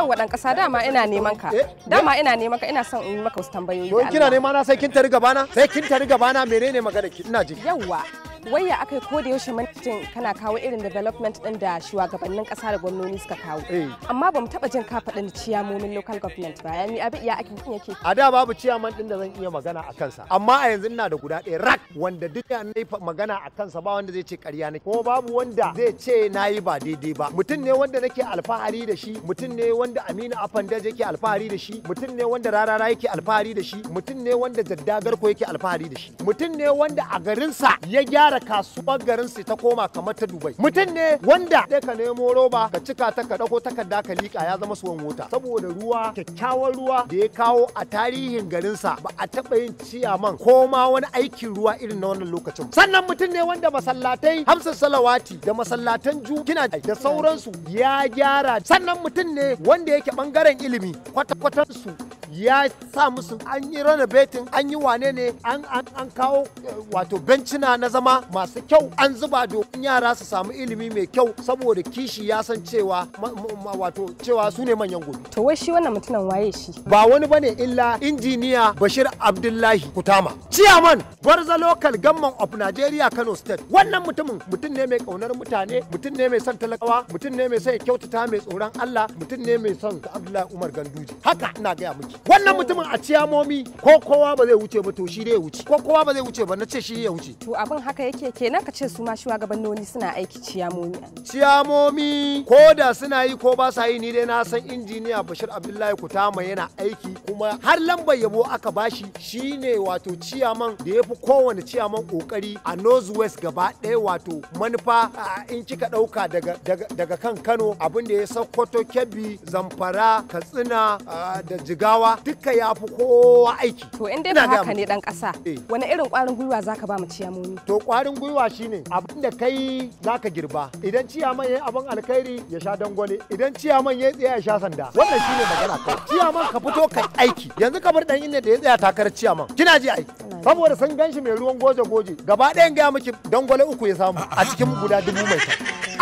yau dan kasa dama ina neman ka eh, dama ina neman ka ina son in yi maka wasu tambayoyi don kina nema na sai kin tari na sai kin tari na menene magana ki ina ji yawa waya aka yi koda yaushe mintin kana kawo irin development din da shugabannin kasa da gwamnoni suka kawo eh. amma bamu taba jin ka faɗin ciyamomin local government ba yani abin ya yin yake a da babu ciyaman din da zan iya magana a kansa amma a yanzu ina da guda ɗaya rak wanda duk ya nayi magana a kansa ba wanda zai ce ƙarya ne ko babu wanda zai ce nayi ba daidai ba mutum ne wanda nake alfahari da shi mutum ne wanda Aminu Afande yake alfahari da shi mutum ne wanda Rarara yake alfahari da shi mutum ne wanda Jaddagar ko yake alfahari da shi mutum ne wanda a garinsa ya gyara gyara kasuwar garin su ta koma kamar ta Dubai. Mutum ne wanda sai ka nemo roba ka cika ta ka dako takarda ka lika ya zama suwan mota saboda ruwa kyakkyawan ruwa da ya kawo a tarihin garinsa ba a taba yin ciyaman ko ma wani aikin ruwa irin na wannan lokacin. Sannan mutum ne wanda masallatai Hamsa Salawati da masallatan Jukina da sauransu ya gyara sannan mutum ne wanda yake bangaren ilimi kwata su ya sa musu an yi betin an yi wane ne an kawo eh, wato bencina na zama masu kyau an zuba domin yara su samu ilimi mai kyau saboda kishi ya san cewa wato cewa su ne manyan gobe. To wai shi wannan mutumin waye shi? Ba wani bane illa injiniya Bashir Abdullahi Kutama. Ciyaman Barza lokal Gamman of Nigeria Kano State. Wannan mutumin mutum ne mai kaunar mutane, mutum ne mai son talakawa, mutum ne mai son kyautata mai tsoron Allah, mutum ne mai son Abdullahi Umar Ganduje. Haka ina gaya miki. wannan mutumin a ciyamomi ko kowa ba zai wuce ba to shi dai ya wuce ko kowa ba zai wuce ba na ce shi ya wuce to abin haka yake kenan ka ce su ma shugabanni suna aiki ciyamomi ciyamomi ko da suna yi ko ba sa yi ni dai na san injiniya Bashir Abdullahi Kutama yana aiki kuma har lambar yabo aka bashi shine wato ciyaman da yafi fi kowane ciyaman kokari a North West gaba ɗaya wato manufa in kika ɗauka daga kan Kano abin da ya Sokoto Kebbi Zamfara Katsina da Jigawa kowa duka ya fi kowa aiki to in dai ba haka ne dan kasa eh. wani irin kwarin gwiwa zaka ba mu ciyamomi to kwarin gwiwa shine abin da kai zaka girba idan ciyaman yayi abin alkhairi ya sha dangwale idan ciyaman yayi tsaya ya sha sanda wannan shine magana kai ciyaman ka fito kai aiki yanzu ka bar dan inda da ya tsaya takarar ciyaman kina ji ai saboda sun ganshi mai ruwan goje goje gaba ɗayan gaya miki dangwale uku ya samu a cikin guda dubu mai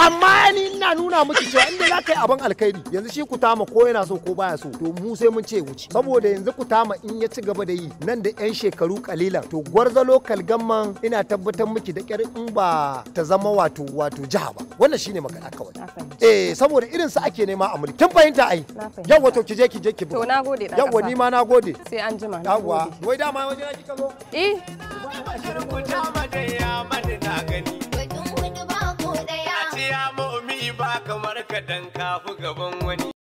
amma ni ina nuna miki cewa inda za ka yi abin alkhairi yanzu shi kutama ko yana so ko baya so to mu sai mun ce wuce saboda yanzu kutama in ya ci gaba da yi nan da yan shekaru kalilan to gwarza lokal gamman ina tabbatar miki da kyar in ba ta zama wato wato jiha ba wannan shine magana kawai eh saboda irin sa ake nema a mulki kin fahimta ai yawa to ki je ki je to nagode da yawa ni ma nagode sai an jima yawa wai dama waje na kika zo eh ba shirin kutama da ya mani gani kamar ka kafu gaban wani